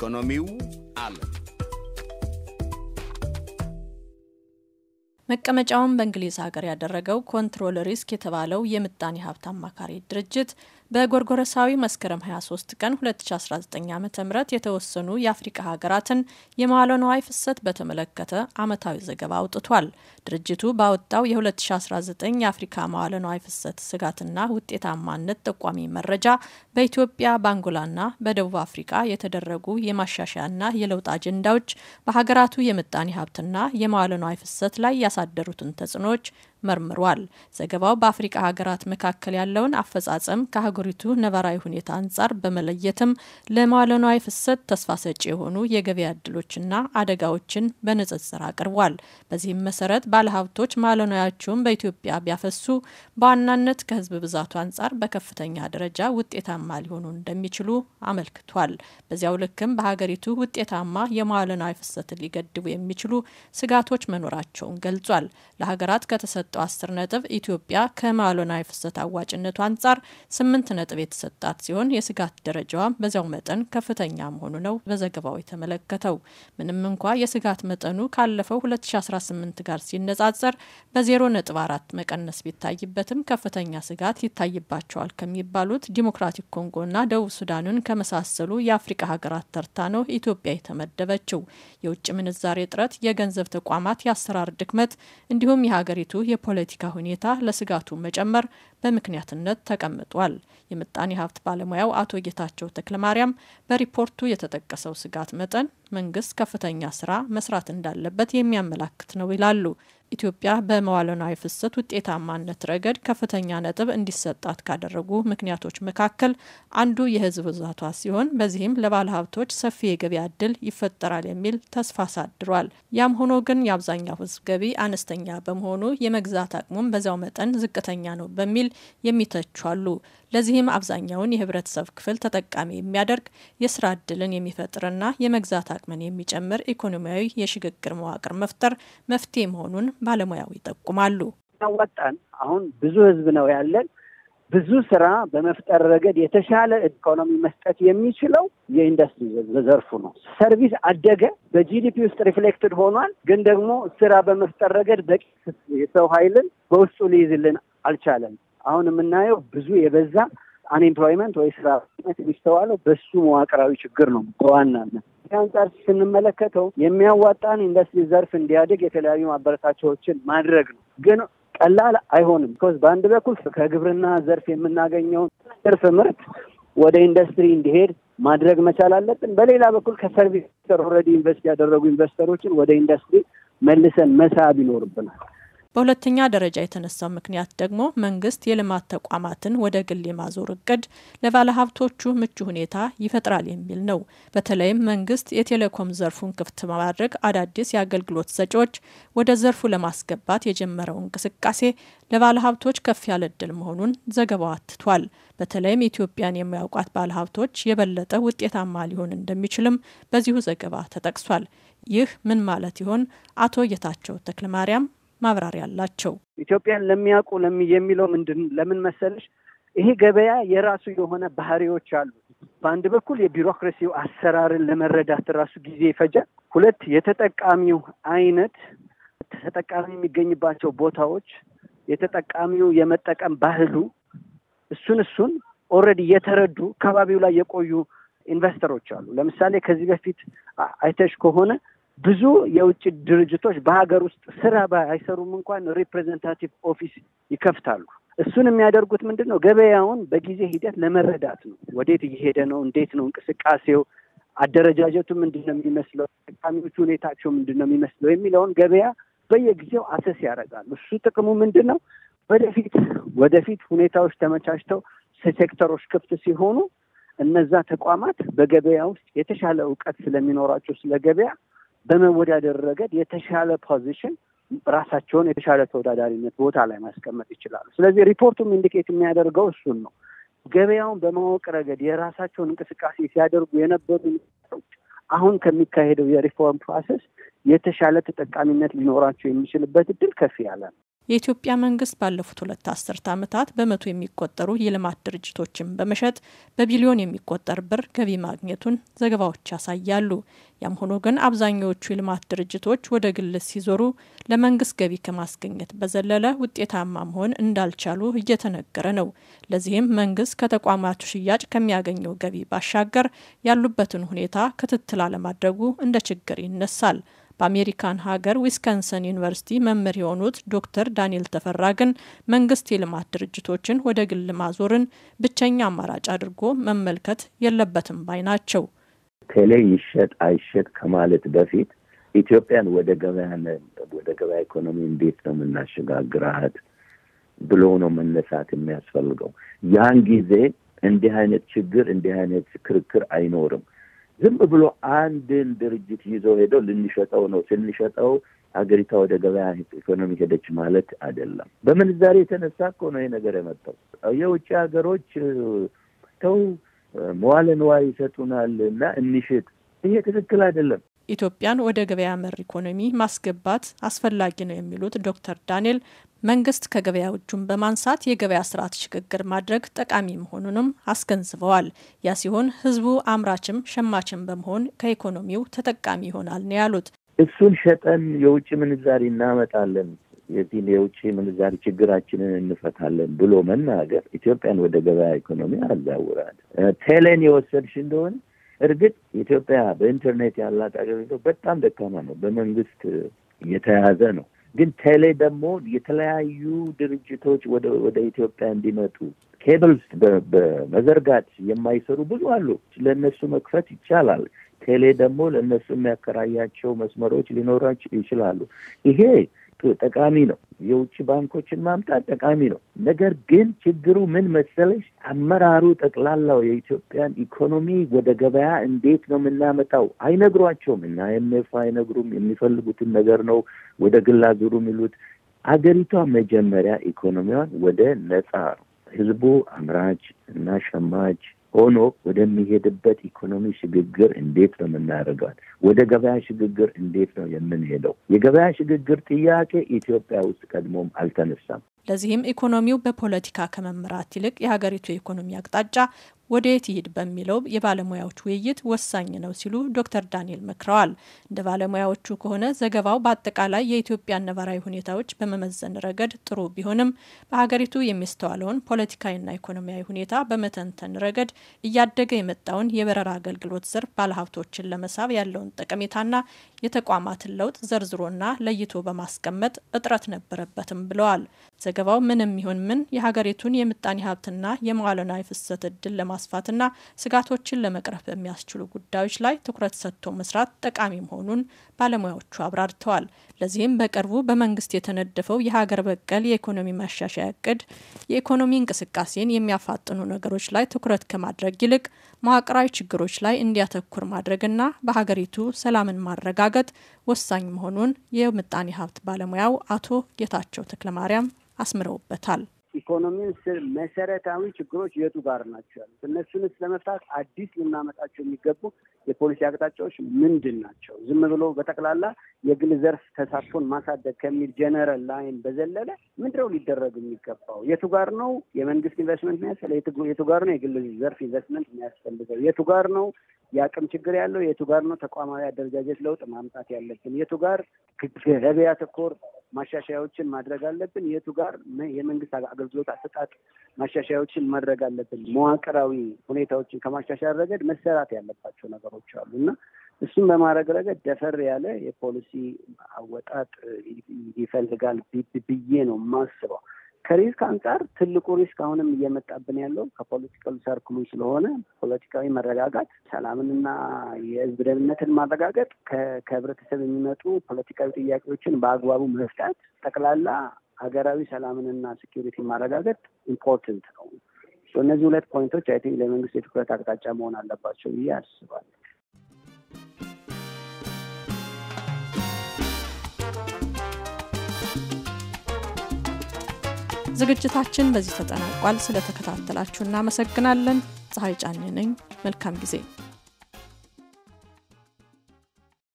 ኢኮኖሚው ዓለም መቀመጫውን በእንግሊዝ ሀገር ያደረገው ኮንትሮል ሪስክ የተባለው የምጣኔ ሀብት አማካሪ ድርጅት በጎርጎረሳዊ መስከረም 23 ቀን 2019 ዓ ም የተወሰኑ የአፍሪቃ ሀገራትን የመዋለ ንዋይ ፍሰት በተመለከተ ዓመታዊ ዘገባ አውጥቷል። ድርጅቱ ባወጣው የ2019 የአፍሪካ መዋለ ንዋይ ፍሰት ስጋትና ውጤታማነት ጠቋሚ መረጃ በኢትዮጵያ ባንጎላና በደቡብ አፍሪካ የተደረጉ የማሻሻያና የለውጥ አጀንዳዎች በሀገራቱ የምጣኔ ሀብትና የመዋለ ንዋይ ፍሰት ላይ ያሳደሩትን ተጽዕኖዎች መርምሯል። ዘገባው በአፍሪቃ ሀገራት መካከል ያለውን አፈጻጸም ከሀገሪቱ ነባራዊ ሁኔታ አንጻር በመለየትም ለመዋለ ንዋይ ፍሰት ተስፋ ሰጪ የሆኑ የገበያ እድሎችና አደጋዎችን በንጽጽር አቅርቧል። በዚህም መሰረት ባለሀብቶች መዋለ ንዋያቸውን በኢትዮጵያ ቢያፈሱ በዋናነት ከህዝብ ብዛቱ አንጻር በከፍተኛ ደረጃ ውጤታማ ሊሆኑ እንደሚችሉ አመልክቷል። በዚያው ልክም በሀገሪቱ ውጤታማ የመዋለ ንዋይ ፍሰትን ሊገድቡ የሚችሉ ስጋቶች መኖራቸውን ገልጿል። ለሀገራት ከተሰ የተሰጠው አስር ነጥብ ኢትዮጵያ ከማሎናዊ ፍሰት አዋጭነቱ አንጻር ስምንት ነጥብ የተሰጣት ሲሆን የስጋት ደረጃዋም በዚያው መጠን ከፍተኛ መሆኑ ነው በዘገባው የተመለከተው። ምንም እንኳ የስጋት መጠኑ ካለፈው 2018 ጋር ሲነጻጸር በ ነጥብ መቀነስ ቢታይበትም ከፍተኛ ስጋት ይታይባቸዋል ከሚባሉት ዲሞክራቲክ ኮንጎና ደቡብ ሱዳንን ከመሳሰሉ የአፍሪቃ ሀገራት ተርታ ነው ኢትዮጵያ የተመደበችው። የውጭ ምንዛሬ እጥረት፣ የገንዘብ ተቋማት የአሰራር ድክመት እንዲሁም የሀገሪቱ የፖለቲካ ሁኔታ ለስጋቱ መጨመር በምክንያትነት ተቀምጧል። የምጣኔ ሀብት ባለሙያው አቶ ጌታቸው ተክለማርያም በሪፖርቱ የተጠቀሰው ስጋት መጠን መንግስት ከፍተኛ ስራ መስራት እንዳለበት የሚያመላክት ነው ይላሉ። ኢትዮጵያ በመዋለናዊ ፍሰት ውጤታማነት ረገድ ከፍተኛ ነጥብ እንዲሰጣት ካደረጉ ምክንያቶች መካከል አንዱ የህዝብ ብዛቷ ሲሆን በዚህም ለባለሀብቶች ሰፊ የገበያ እድል ይፈጠራል የሚል ተስፋ አሳድሯል። ያም ሆኖ ግን የአብዛኛው ህዝብ ገቢ አነስተኛ በመሆኑ የመግዛት አቅሙም በዚያው መጠን ዝቅተኛ ነው በሚል የሚተቹ አሉ። ለዚህም አብዛኛውን የህብረተሰብ ክፍል ተጠቃሚ የሚያደርግ የስራ እድልን የሚፈጥርና የመግዛት አቅምን የሚጨምር ኢኮኖሚያዊ የሽግግር መዋቅር መፍጠር መፍትሄ መሆኑን ባለሙያው ይጠቁማሉ። ወጣን አሁን ብዙ ህዝብ ነው ያለን ብዙ ስራ በመፍጠር ረገድ የተሻለ ኢኮኖሚ መስጠት የሚችለው የኢንዱስትሪ ዘርፉ ነው። ሰርቪስ አደገ፣ በጂዲፒ ውስጥ ሪፍሌክትድ ሆኗል። ግን ደግሞ ስራ በመፍጠር ረገድ በቂ የሰው ኃይልን በውስጡ ሊይዝልን አልቻለም። አሁን የምናየው ብዙ የበዛ አንኤምፕሎይመንት ወይ ስራ ነት የሚስተዋለው በሱ መዋቅራዊ ችግር ነው በዋናነት። አንጻር ስንመለከተው የሚያዋጣን ኢንዱስትሪ ዘርፍ እንዲያድግ የተለያዩ ማበረታቻዎችን ማድረግ ነው ግን ቀላል አይሆንም። ቢኮዝ በአንድ በኩል ከግብርና ዘርፍ የምናገኘውን ትርፍ ምርት ወደ ኢንዱስትሪ እንዲሄድ ማድረግ መቻል አለብን። በሌላ በኩል ከሰርቪስ ኦልሬዲ ኢንቨስት ያደረጉ ኢንቨስተሮችን ወደ ኢንዱስትሪ መልሰን መሳብ ይኖርብናል። በሁለተኛ ደረጃ የተነሳው ምክንያት ደግሞ መንግስት የልማት ተቋማትን ወደ ግል የማዞር እቅድ ለባለሀብቶቹ ምቹ ሁኔታ ይፈጥራል የሚል ነው። በተለይም መንግስት የቴሌኮም ዘርፉን ክፍት በማድረግ አዳዲስ የአገልግሎት ሰጪዎች ወደ ዘርፉ ለማስገባት የጀመረው እንቅስቃሴ ለባለሀብቶች ከፍ ያለ እድል መሆኑን ዘገባው አትቷል። በተለይም ኢትዮጵያን የሚያውቋት ባለሀብቶች የበለጠ ውጤታማ ሊሆን እንደሚችልም በዚሁ ዘገባ ተጠቅሷል። ይህ ምን ማለት ይሆን? አቶ ጌታቸው ተክለማርያም ማብራሪያ አላቸው። ኢትዮጵያን ለሚያውቁ የሚለው ምንድን ለምን መሰለሽ ይሄ ገበያ የራሱ የሆነ ባህሪዎች አሉ። በአንድ በኩል የቢሮክራሲው አሰራርን ለመረዳት ራሱ ጊዜ ይፈጃል። ሁለት የተጠቃሚው አይነት ተጠቃሚ የሚገኝባቸው ቦታዎች፣ የተጠቃሚው የመጠቀም ባህሉ እሱን እሱን ኦልሬዲ የተረዱ አካባቢው ላይ የቆዩ ኢንቨስተሮች አሉ። ለምሳሌ ከዚህ በፊት አይተሽ ከሆነ ብዙ የውጭ ድርጅቶች በሀገር ውስጥ ስራ ባይሰሩም እንኳን ሪፕሬዘንታቲቭ ኦፊስ ይከፍታሉ። እሱን የሚያደርጉት ምንድን ነው? ገበያውን በጊዜ ሂደት ለመረዳት ነው። ወዴት እየሄደ ነው? እንዴት ነው እንቅስቃሴው? አደረጃጀቱ ምንድን ነው የሚመስለው? ተጠቃሚዎቹ ሁኔታቸው ምንድን ነው የሚመስለው? የሚለውን ገበያ በየጊዜው አሰስ ያደርጋሉ። እሱ ጥቅሙ ምንድን ነው? ወደፊት ወደፊት ሁኔታዎች ተመቻችተው ሴክተሮች ክፍት ሲሆኑ እነዛ ተቋማት በገበያ ውስጥ የተሻለ እውቀት ስለሚኖራቸው ስለ ገበያ በመወዳደር ረገድ የተሻለ ፖዚሽን ራሳቸውን የተሻለ ተወዳዳሪነት ቦታ ላይ ማስቀመጥ ይችላሉ። ስለዚህ ሪፖርቱም ኢንዲኬት የሚያደርገው እሱን ነው። ገበያውን በማወቅ ረገድ የራሳቸውን እንቅስቃሴ ሲያደርጉ የነበሩ አሁን ከሚካሄደው የሪፎርም ፕሮሰስ የተሻለ ተጠቃሚነት ሊኖራቸው የሚችልበት እድል ከፍ ያለ ነው። የኢትዮጵያ መንግስት ባለፉት ሁለት አስርት ዓመታት በመቶ የሚቆጠሩ የልማት ድርጅቶችን በመሸጥ በቢሊዮን የሚቆጠር ብር ገቢ ማግኘቱን ዘገባዎች ያሳያሉ። ያም ሆኖ ግን አብዛኛዎቹ የልማት ድርጅቶች ወደ ግል ሲዞሩ ለመንግስት ገቢ ከማስገኘት በዘለለ ውጤታማ መሆን እንዳልቻሉ እየተነገረ ነው። ለዚህም መንግስት ከተቋማቱ ሽያጭ ከሚያገኘው ገቢ ባሻገር ያሉበትን ሁኔታ ክትትል አለማድረጉ እንደ ችግር ይነሳል። በአሜሪካን ሀገር ዊስከንሰን ዩኒቨርሲቲ መምህር የሆኑት ዶክተር ዳንኤል ተፈራ ግን መንግስት የልማት ድርጅቶችን ወደ ግል ማዞርን ብቸኛ አማራጭ አድርጎ መመልከት የለበትም ባይ ናቸው። ቴሌ ይሸጥ አይሸጥ ከማለት በፊት ኢትዮጵያን ወደ ገበያ ወደ ገበያ ኢኮኖሚ እንዴት ነው የምናሸጋግራት ብሎ ነው መነሳት የሚያስፈልገው። ያን ጊዜ እንዲህ አይነት ችግር እንዲህ አይነት ክርክር አይኖርም። ዝም ብሎ አንድን ድርጅት ይዞ ሄደው ልንሸጠው ነው ስንሸጠው ሀገሪቷ ወደ ገበያ ኢኮኖሚ ሄደች ማለት አይደለም። በምንዛሬ የተነሳ እኮ ነው ይህ ነገር የመጣው። የውጭ ሀገሮች ተው መዋለ ንዋይ ይሰጡናል እና እንሽጥ፣ ይሄ ትክክል አይደለም። ኢትዮጵያን ወደ ገበያ መር ኢኮኖሚ ማስገባት አስፈላጊ ነው የሚሉት ዶክተር ዳንኤል መንግስት ከገበያ እጁን በማንሳት የገበያ ስርዓት ሽግግር ማድረግ ጠቃሚ መሆኑንም አስገንዝበዋል። ያ ሲሆን ህዝቡ አምራችም ሸማችም በመሆን ከኢኮኖሚው ተጠቃሚ ይሆናል ነው ያሉት። እሱን ሸጠን የውጭ ምንዛሪ እናመጣለን፣ የዚህን የውጭ ምንዛሪ ችግራችንን እንፈታለን ብሎ መናገር ኢትዮጵያን ወደ ገበያ ኢኮኖሚ አዛውራል። ቴሌን የወሰድሽ እንደሆነ እርግጥ ኢትዮጵያ በኢንተርኔት ያላት አገሪቶ በጣም ደካማ ነው፣ በመንግስት የተያዘ ነው። ግን ቴሌ ደግሞ የተለያዩ ድርጅቶች ወደ ኢትዮጵያ እንዲመጡ ኬብልስ በመዘርጋት የማይሰሩ ብዙ አሉ። ለእነሱ መክፈት ይቻላል። ቴሌ ደግሞ ለእነሱ የሚያከራያቸው መስመሮች ሊኖራቸው ይችላሉ። ይሄ ጠቃሚ ነው። የውጭ ባንኮችን ማምጣት ጠቃሚ ነው። ነገር ግን ችግሩ ምን መሰለሽ፣ አመራሩ ጠቅላላው የኢትዮጵያን ኢኮኖሚ ወደ ገበያ እንዴት ነው የምናመጣው አይነግሯቸውም። እና አይ አይነግሩም። የሚፈልጉትን ነገር ነው ወደ ግል አዙሩ የሚሉት። አገሪቷ መጀመሪያ ኢኮኖሚዋን ወደ ነጻ ህዝቡ አምራች እና ሸማች ሆኖ ወደሚሄድበት ኢኮኖሚ ሽግግር እንዴት ነው የምናደርገዋል? ወደ ገበያ ሽግግር እንዴት ነው የምንሄደው? የገበያ ሽግግር ጥያቄ ኢትዮጵያ ውስጥ ቀድሞም አልተነሳም። ለዚህም ኢኮኖሚው በፖለቲካ ከመምራት ይልቅ የሀገሪቱ የኢኮኖሚ አቅጣጫ ወደ የት በሚለው የባለሙያዎች ውይይት ወሳኝ ነው ሲሉ ዶክተር ዳንኤል መክረዋል። እንደ ባለሙያዎቹ ከሆነ ዘገባው በአጠቃላይ የኢትዮጵያ ነባራዊ ሁኔታዎች በመመዘን ረገድ ጥሩ ቢሆንም በሀገሪቱ የሚስተዋለውን ፖለቲካዊና ኢኮኖሚያዊ ሁኔታ በመተንተን ረገድ እያደገ የመጣውን የበረራ አገልግሎት ዘርፍ ባለሀብቶችን ለመሳብ ያለውን ጠቀሜታና የተቋማትን ለውጥ ዘርዝሮና ለይቶ በማስቀመጥ እጥረት ነበረበትም ብለዋል። ዘገባው ምንም ይሁን ምን የሀገሪቱን የምጣኔ ሀብትና የመዋለናዊ ፍሰት እድል ለማ ለማስፋትና ስጋቶችን ለመቅረፍ በሚያስችሉ ጉዳዮች ላይ ትኩረት ሰጥቶ መስራት ጠቃሚ መሆኑን ባለሙያዎቹ አብራርተዋል። ለዚህም በቅርቡ በመንግስት የተነደፈው የሀገር በቀል የኢኮኖሚ ማሻሻያ እቅድ የኢኮኖሚ እንቅስቃሴን የሚያፋጥኑ ነገሮች ላይ ትኩረት ከማድረግ ይልቅ መዋቅራዊ ችግሮች ላይ እንዲያተኩር ማድረግና በሀገሪቱ ሰላምን ማረጋገጥ ወሳኝ መሆኑን የምጣኔ ሀብት ባለሙያው አቶ ጌታቸው ተክለማርያም አስምረውበታል። ኢኮኖሚን ስር መሰረታዊ ችግሮች የቱ ጋር ናቸው ያሉት? እነሱንስ ለመፍታት አዲስ ልናመጣቸው የሚገቡ የፖሊሲ አቅጣጫዎች ምንድን ናቸው? ዝም ብሎ በጠቅላላ የግል ዘርፍ ተሳትፎን ማሳደግ ከሚል ጀነራል ላይን በዘለለ ምንድነው ሊደረግ የሚገባው? የቱ ጋር ነው የመንግስት ኢንቨስትመንት የሚያስፈልገው? የቱ ጋር ነው የግል ዘርፍ ኢንቨስትመንት የሚያስፈልገው? የቱ ጋር ነው የአቅም ችግር ያለው? የቱ ጋር ነው ተቋማዊ አደረጃጀት ለውጥ ማምጣት ያለብን? የቱ ጋር ገበያ ተኮር ማሻሻያዎችን ማድረግ አለብን? የቱ ጋር የመንግስት አገልግሎት አሰጣጥ ማሻሻያዎችን ማድረግ አለብን። መዋቅራዊ ሁኔታዎችን ከማሻሻያ ረገድ መሰራት ያለባቸው ነገሮች አሉ እና እሱም በማድረግ ረገድ ደፈር ያለ የፖሊሲ አወጣጥ ይፈልጋል ብዬ ነው የማስበው። ከሪስክ አንጻር ትልቁ ሪስክ አሁንም እየመጣብን ያለው ከፖለቲካል ሰርክሉ ስለሆነ ፖለቲካዊ መረጋጋት፣ ሰላምንና የህዝብ ደህንነትን ማረጋገጥ፣ ከህብረተሰብ የሚመጡ ፖለቲካዊ ጥያቄዎችን በአግባቡ መፍታት ጠቅላላ ሀገራዊ ሰላምንና ሴኪሪቲ ማረጋገጥ ኢምፖርተንት ነው። እነዚህ ሁለት ፖይንቶች አይ ቲንክ ለመንግስት የትኩረት አቅጣጫ መሆን አለባቸው ብዬ አስባለሁ። ዝግጅታችን በዚህ ተጠናቋል። ስለተከታተላችሁ እናመሰግናለን። ፀሐይ ጫኝ ነኝ። መልካም ጊዜ